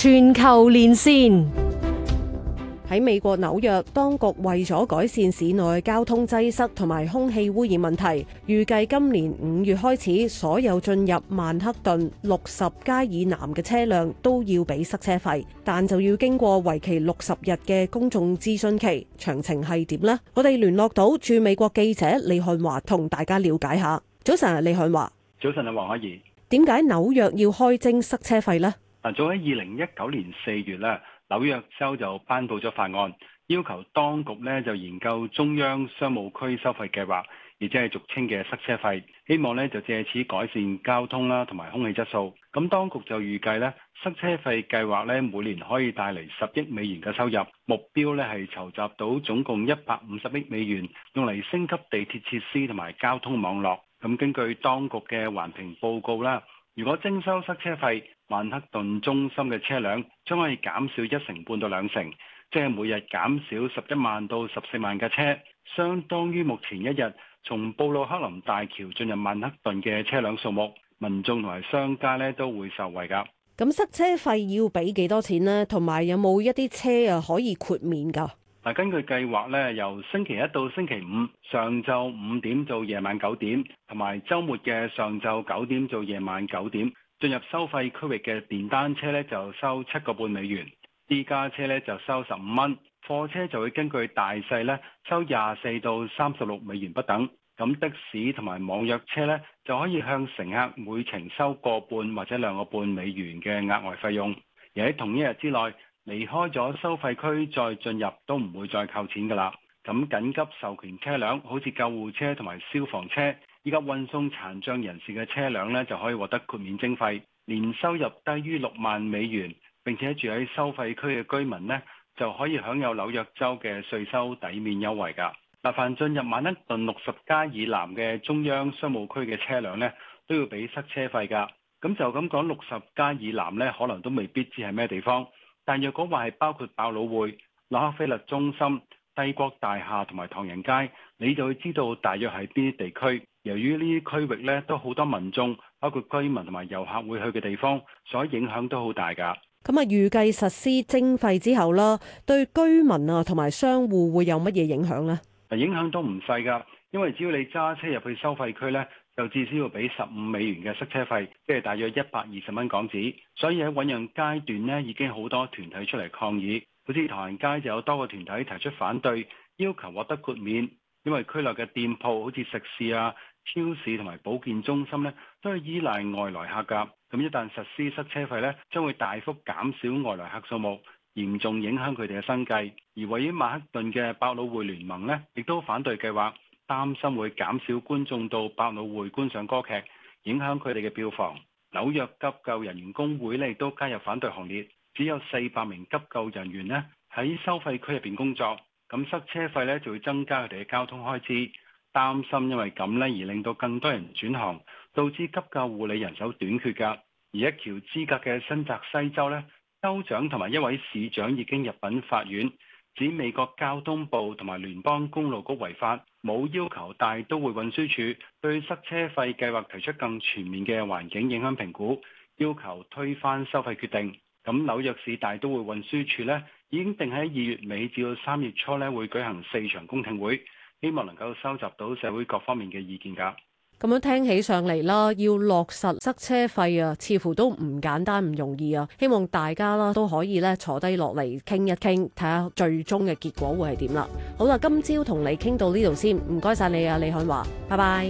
全球連線，喺美國紐約，當局為咗改善市內交通擠塞同埋空氣污染問題，預計今年五月開始，所有進入曼克頓六十街以南嘅車輛都要俾塞車費，但就要經過為期六十日嘅公眾諮詢期，詳情係點呢？我哋聯絡到駐美國記者李漢華同大家了解下。早晨，李漢華。早晨啊，黃凱宜。點解紐約要開徵塞車費呢？早喺二零一九年四月呢，紐約州就頒布咗法案，要求當局呢就研究中央商務區收費計劃，亦即係俗稱嘅塞車費，希望呢就借此改善交通啦同埋空氣質素。咁當局就預計呢塞車費計劃呢，每年可以帶嚟十億美元嘅收入，目標呢係籌集到總共一百五十億美元，用嚟升級地鐵設施同埋交通網絡。咁根據當局嘅環評報告啦，如果徵收塞車費，曼克頓中心嘅車輛將可以減少一成半到兩成，即係每日減少十一萬到十四萬嘅車，相當於目前一日從布魯克林大橋進入曼克頓嘅車輛數目。民眾同埋商家咧都會受惠噶。咁塞車費要俾幾多錢呢？同埋有冇一啲車啊可以豁免噶？嗱，根據計劃咧，由星期一到星期五上晝五點到夜晚九點，同埋周末嘅上晝九點到夜晚九點。進入收費區域嘅電單車咧就收七個半美元，私家車咧就收十五蚊，貨車就會根據大細咧收廿四到三十六美元不等。咁的士同埋網約車咧就可以向乘客每程收個半或者兩個半美元嘅額外費用。而喺同一日之內離開咗收費區再進入都唔會再扣錢㗎啦。咁緊急授權車輛好似救護車同埋消防車。而家運送殘障人士嘅車輛呢，就可以獲得豁免徵費。年收入低於六萬美元並且住喺收費區嘅居民呢，就可以享有紐約州嘅稅收抵免優惠㗎。嗱，凡進入曼哈頓六十街以南嘅中央商務區嘅車輛呢，都要俾塞車費㗎。咁就咁講，六十街以南呢，可能都未必知係咩地方。但若果話係包括百老匯、洛克菲勒中心、帝國大廈同埋唐人街，你就會知道大約係邊啲地區。由於呢啲區域咧都好多民眾，包括居民同埋遊客會去嘅地方，所以影響都好大噶。咁啊，預計實施徵費之後啦，對居民啊同埋商戶會有乜嘢影響呢？影響都唔細噶，因為只要你揸車入去收費區呢，就至少要俾十五美元嘅塞車費，即係大約一百二十蚊港紙。所以喺醖釀階段呢，已經好多團體出嚟抗議，好似唐人街就有多個團體提出反對，要求獲得豁免。因為區內嘅店鋪，好似食肆啊、超市同埋保健中心呢，都係依賴外來客㗎。咁一旦實施塞車費呢，將會大幅減少外來客數目，嚴重影響佢哋嘅生計。而位於曼克頓嘅百老匯聯盟呢，亦都反對計劃，擔心會減少觀眾到百老匯觀賞歌劇，影響佢哋嘅票房。紐約急救人員工會呢，亦都加入反對行列。只有四百名急救人員呢，喺收費區入面工作。咁塞車費咧就會增加佢哋嘅交通開支，擔心因為咁咧而令到更多人轉行，導致急救護理人手短缺㗎。而一橋之隔嘅新澤西州呢，州長同埋一位市長已經入禀法院，指美國交通部同埋聯邦公路局違法，冇要求大都會運輸署對塞車費計劃提出更全面嘅環境影響評估，要求推翻收費決定。咁紐約市大都會運輸署呢。已經定喺二月尾至到三月初咧，會舉行四場公聽會，希望能夠收集到社會各方面嘅意見噶。咁樣聽起上嚟啦，要落實塞車費啊，似乎都唔簡單唔容易啊！希望大家啦都可以咧坐低落嚟傾一傾，睇下最終嘅結果會係點啦。好啦，今朝同你傾到呢度先，唔該晒你啊，李漢華，拜拜，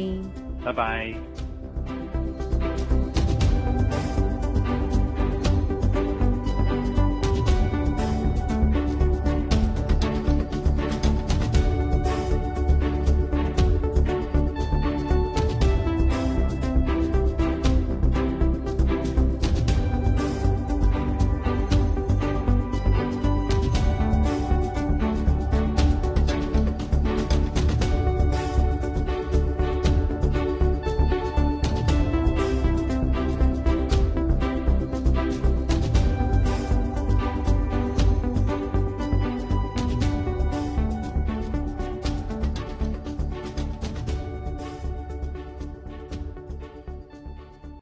拜拜。